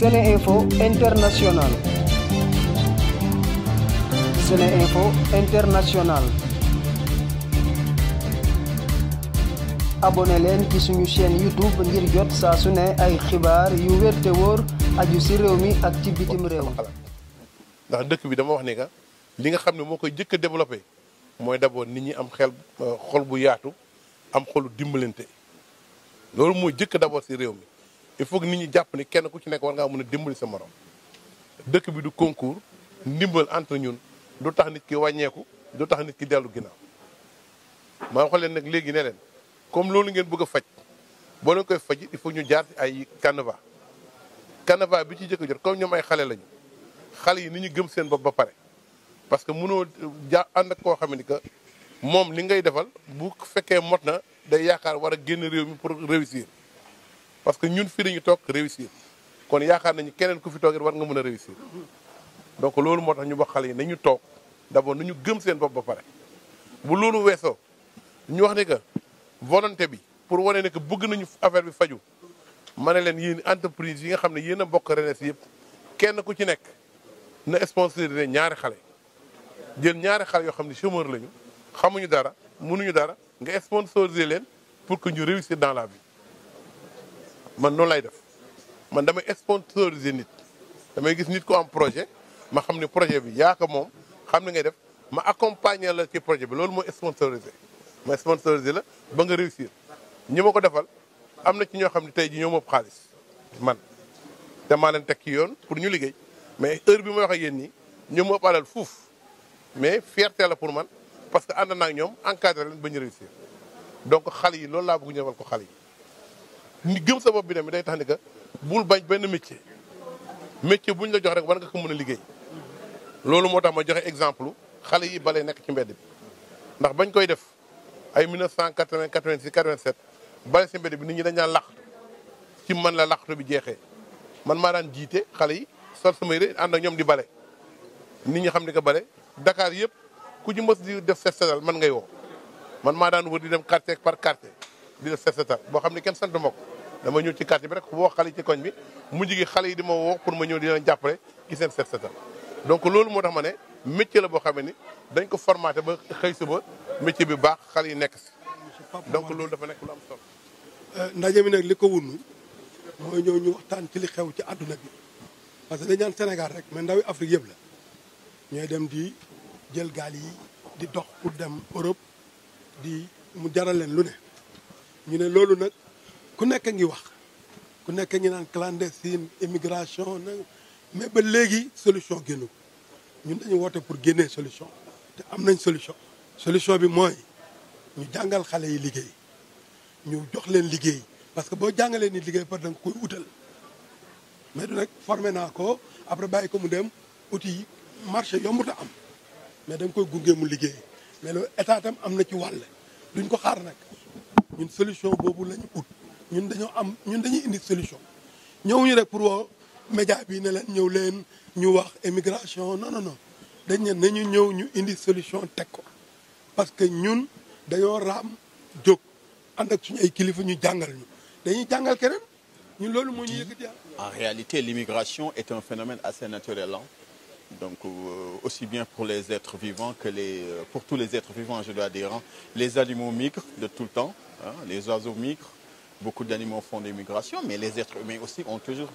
Sene Info International Sene International abonné leen ci suñu chaîne YouTube ngir jot saa su ne ay xibaar yu wér wóor aju si réew mi ak ci bitim réew ndax dëkk bi dama wax ne que li nga xam ne moo koy jëkk a développé mooy d'abord nit ñi am xel euh, xol bu yaatu am xolu dimbalante loolu mooy jëkk d'abord ci réew mi il faut que nit ñi jàpp ni kenn ku ci nekk war ngaa mën a dimbali sa morom dëkk bi du concours ndimbal entre ñun du tax nit ki wàññeeku du tax nit ki dellu ginnaaw maa ngi leen nag léegi ne leen comme loolu ngeen bëgg a faj boo leen koy faj il faut ñu jaar si ay canevas canevas bi ci jëkk jot comme ñoom ay xale lañu xale yi ni ñu gëm seen bopp ba pare parce que mënoo ja ànd ak koo xam ni que moom li ngay defal bu fekkee mot na day yaakaar war a génn réew mi pour réussir. parce que ñun fii dañu toog réussir kon yaakaar nañu keneen ku fi toog it war nga mën a réussir donc loolu moo tax ñu wax xale yi nañu toog d'abord nañu gëm seen bopp ba pare bu loolu weesoo ñu wax ne que volonté bi pour wane ne que bëgg nañu affaire bi faju ma ne leen yéen entreprise yi nga xam ne yéen a bokk RNES yëpp kenn ku ci nekk na sponsorisé ñaari xale jël ñaari xale yoo xam ne chômeur lañu xamuñu dara munuñu dara nga sponsorisé leen pour que ñu réussir dans la vie man noonu lay def man damay sponsoriser nit damay gis nit ko am projet ma xam ne projet bi yaa moom xam ni ngay def ma accompagner la ci projet bi loolu mooy sponsoriser ma sponsoriser la ba nga réussir ñi ma ko defal am na ci ñoo xam ne tey jii ñoom moom xaalis man te maa leen teg kii yoon pour ñu liggéey mais heure bi ma wax ak yéen nii ñoom moo alal fuuf mais fierté la pour man parce que ànd naa ak ñoom encadré leen ba ñu réussir donc xale yi loolu laa bëgg ñëwal ko xale yi. gëm sa bopp bi tamit day tax ni que bul bañ benn métier métier bu ñu la jox rek war nga ko mën a liggéey loolu moo tax ma joxe exemple xale yi bale nekk ci mbedd bi ndax bañ koy def ay 1980 86 87 bale si mbedd bi nit ñi dañ daan làqatu ci man la làqatu bi jeexee man maa daan jiite xale yi sol sama yére ànd ak ñoom di bale nit ñi xam ni que bale Dakar yëpp ku ci mës di def set man ngay woo man maa daan wër di dem quartier par quartier di def set boo xam ne kenn sant ma dama ñëw ci yi bi rek woo xale yi ci koñ bi mujj gi xale yi di ma woo pour ma ñëw di leen jàppale ci seen set setal donc loolu moo tax ma ne métier la boo xam ni dañ ko formaté ba xëy suba métier bi baax xale yi nekk si donc loolu dafa nekk lu am euh, ndaje mi nag li ko wunnu mooy ñëw ñu waxtaan ci li xew ci àdduna bi parce que dañ naan Sénégal rek ma ndawi Afrique yëpp la ñooy dem di jël gaal yi di dox pour dem Europe di mu jaral leen lu ne ñu ne loolu nag ku nekk ngi wax ku nekk ngi naan clandestine immigration na mais ba léegi solution génn ko ñun dañu woote pour génnee solution te am nañ solution solution bi mooy ñu jàngal xale yi liggéey ñu jox leen liggéey parce que boo jàngalee nii liggéey par da nga koy utal mais du rek formé naa ko après bàyyi ko mu dem outil marché yombut a am mais da koy gunge mu liggéey mais loolu état tam am na ci wàll duñ ko xaar nag ñun solution boobu lañu ut ñun dañoo am ñun dañuy indi solution ñëwuñu rek pour woo média bi ne leen ñëw leen ñu wax émigration non non non dañ ñu nañu ñëw ñu indi solution teg ko parce que ñun dañoo raam jóg ànd ak suñu ay kilifa ñu jàngal ñu dañuy jàngal keneen ñu loolu moo ñu yëkkati en réalité l'immigration est un phénomène assez naturel hein? donc euh, aussi bien pour les êtres vivants que les euh, pour tous les êtres vivants je dois dire hein? les animaux migrent de tout le temps hein? les oiseaux migrent Beaucoup d'animaux font des migrations, mais les êtres humains aussi ont toujours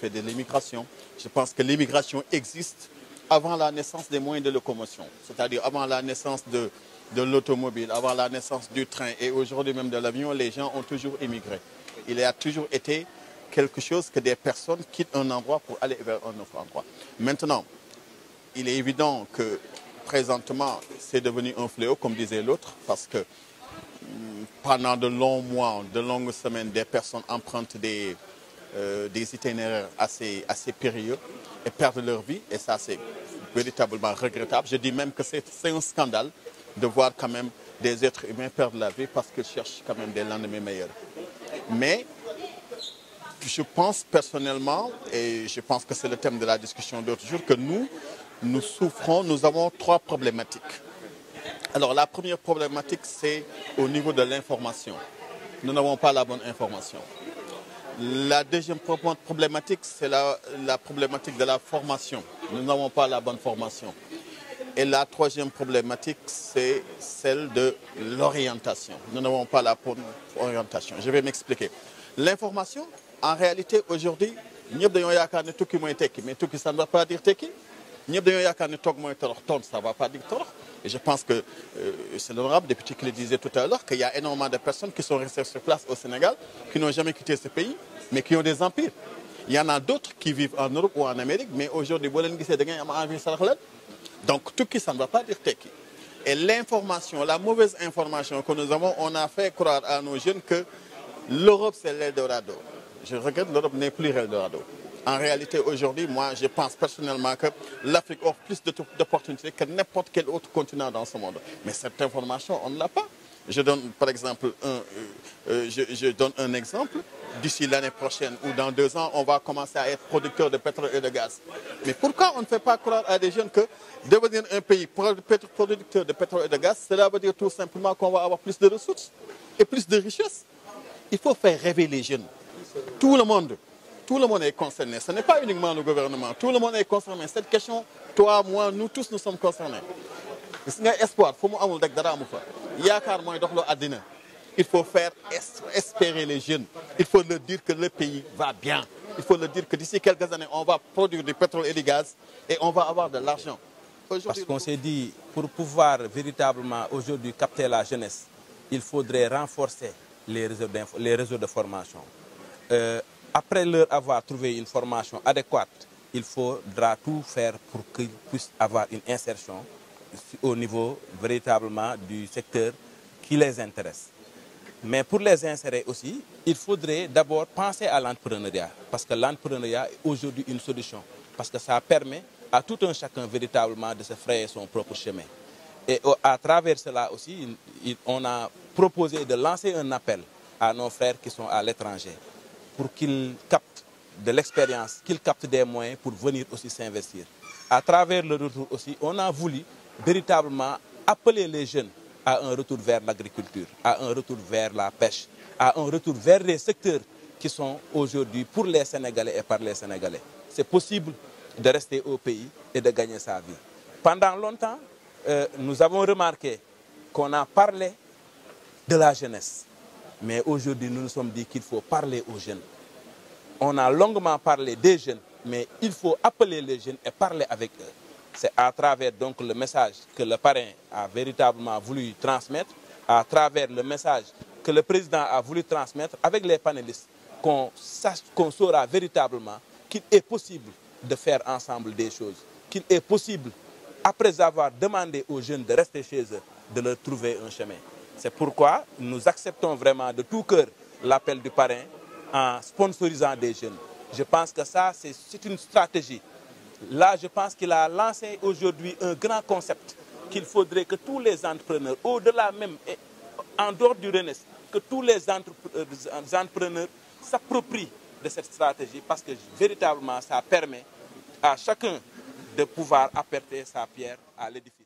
fait de l'immigration. Je pense que l'immigration existe avant la naissance des moyens de locomotion, c'est-à-dire avant la naissance de, de l'automobile, avant la naissance du train et aujourd'hui même de l'avion, les gens ont toujours émigré. Il a toujours été quelque chose que des personnes quittent un endroit pour aller vers un autre endroit. parce que pendant de longs mois, de longues semaines, des personnes empruntent des, euh, des itinéraires assez, assez périlleux et perdent leur vie. Et ça, c'est véritablement regrettable. Je dis même que c'est un scandale de voir quand même des êtres humains perdre la vie parce qu'ils cherchent quand même des lendemains meilleurs. Mais je pense personnellement, et je pense que c'est le thème de la discussion d'autre jour, que nous, nous nous avons trois problématiques. Alors la première problématique, c'est au niveau de l'information. Nous n'avons pas la bonne information. La deuxième problématique, c'est la, la, problématique de la formation. Nous n'avons pas la bonne formation. Et la troisième problématique, c'est celle de l'orientation. Nous n'avons pas la bonne orientation. Je vais m'expliquer. L'information, en réalité, aujourd'hui, ñëpp dañoo yaakaar ne tukki mooy tekki mais tukki ça ne va pas dire tekki ñëpp dañoo yaakaar ne toog mooy torox toon ça ne va pas dire torox je pense que euh, c'est l'honorable député qui le disait tout à l'heure, qu'il y a énormément de personnes qui sont restées sur place au Sénégal, qui n'ont jamais quitté ce pays, mais qui ont des empires. Il y en a d'autres qui vivent en Europe ou en Amérique, mais aujourd'hui, donc tout pas dire teki. Et l'information, la mauvaise information que nous avons, on a fait croire à nos jeunes que l'Europe c'est l'Eldorado. Je regrette, l'Europe n'est plus l'Eldorado. En réalité, aujourd'hui, je pense personnellement que l'Afrique offre plus d'opportunités que n'importe quel autre continent dans ce monde. Mais cette information, on ne l'a pas. Je donne, exemple, un, euh, euh, je, je donne un exemple. D'ici l'année prochaine ou dans deux ans, on va commencer à être producteur de pétrole et de gaz. Mais pourquoi on ne fait pas croire à des jeunes que devenir un pays producteur de pétrole et de gaz, cela veut dire tout simplement qu'on va avoir plus de ressources le monde. tout le monde est concerné. Ce n'est pas uniquement le gouvernement. Tout le monde est concerné. Cette question, toi, moi, nous tous, nous sommes concernés. gis nga espoir fu mu amul rek dara amu fa yaakaar mooy dox loo àddina il faut faire espérer les jeunes il faut leur dire que le pays va bien il faut leur dire que d'ici quelques années on va produire du pétrole et du gaz et on va avoir de l'argent parce qu'on s'est dit pour pouvoir véritablement aujourd'hui capter la jeunesse il faudrait renforcer les réseaux les réseaux de formation euh, après leur avoir trouvé une formation adéquate, il faudra tout faire pour qu'ils puissent avoir une insertion au niveau véritablement du secteur qui les intéresse. Mais pour les insérer aussi, il faudrait d'abord penser à l'entrepreneuriat, parce que l'entrepreneuriat est aujourd'hui une solution, parce que ça permet à tout un chacun véritablement de se frayer son propre chemin. Et à travers cela aussi, on a proposé de lancer un appel à nos frères qui sont à l'étranger, pour qu'ils captent de l'expérience, qu'ils captent des moyens pour venir aussi s'investir. À travers le retour aussi, on a voulu véritablement appeler les jeunes à un retour vers l'agriculture, à un retour vers la pêche, à un retour vers les secteurs qui sont aujourd'hui pour les Sénégalais et par les Sénégalais. C'est possible de rester au pays et de gagner sa vie. Pendant longtemps, euh, nous avons remarqué qu'on a parlé de la jeunesse. Mais aujourd'hui, nous nous sommes dit qu'il faut parler aux jeunes. On a longuement parlé des jeunes, mais il faut appeler les jeunes et parler avec eux. C'est à travers donc le message que le parrain a véritablement voulu à travers le message que président a voulu transmettre avec les panélistes, qu'on sache, qu'on saura véritablement qu'il est possible de faire ensemble des choses, qu'il est possible, après avoir demandé aux jeunes de rester chez eux, de leur trouver un chemin. C'est pourquoi nous acceptons vraiment de tout cœur l'appel du parrain en sponsorisant des jeunes. Je pense que ça, c'est une stratégie. Là, je pense qu'il a lancé aujourd'hui un grand concept qu'il faudrait que tous les entrepreneurs, au-delà même, et en dehors du RENES, que tous les entrepreneurs s'approprient de cette stratégie parce que véritablement, ça permet à chacun de pouvoir apporter sa pierre à l'édifice.